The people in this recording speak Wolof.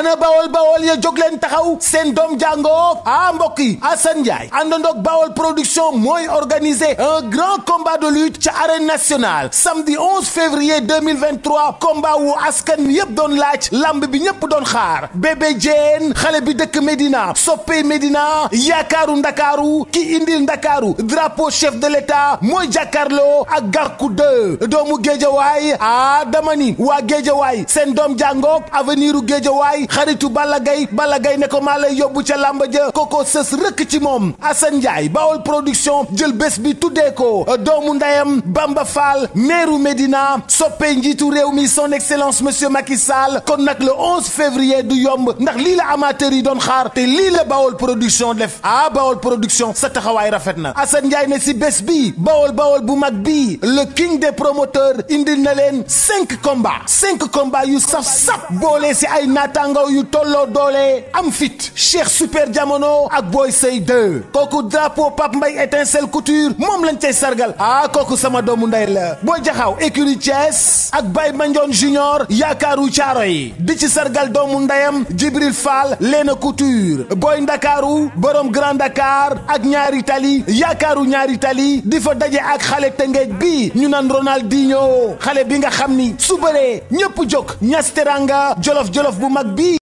ana bawol bawol ya jóg leen taxaw seen doom jàngoo a ah, mbokk yi Assane Ndiaye àndandoog bawol production mooy organiser un grand combat de lutte ca arène nationale samedi 11 février 2023 askan wi yëpp doon laaj lamb bi ñëpp doon xaar bébé xale bi dëkk Médina soppee Médina yaakaaru ndakaaru ki indil ndakaaru drapeau chef de l'État mooy jàkkaarloo ak Gakou 2 doomu géejawaay a ah, damani ni waa géejawaay seen doom jàngoog avenir u xaritu Balagay Balagay Nekomale ne ko lay koko sës rek ci mom production jël Besbi bi Tout ko Bamba Fall Meru Medina soppé njiitu son excellence monsieur Macky Sall le 11 février du yomb ndax li la amateur yi don xaar té la production def a Bawol production sa taxaway rafet na Assane Baol ne bi Bawol Bawol bu bi le king des promoteurs indil na cinq combats 5 combats yu saf saf si ay You yu tolloo am Super Jamono ak Boy Sey 2 kooku drapeau Pape Mbaye étincelle couture moom lañ sargal ah kooku sama doomu ndey la Boy jaxaw écurie ak bay Junior Yakaru caaro yi di ci sargal doomu ndeyam Jibril Fall Leena Couture Boy Ndakaaru borom Grand Dakar ak ñaari tali yaakaaru ñaari tali ak xale tëngeej bi ñu Ronaldinho xale bi nga xam ni su jolof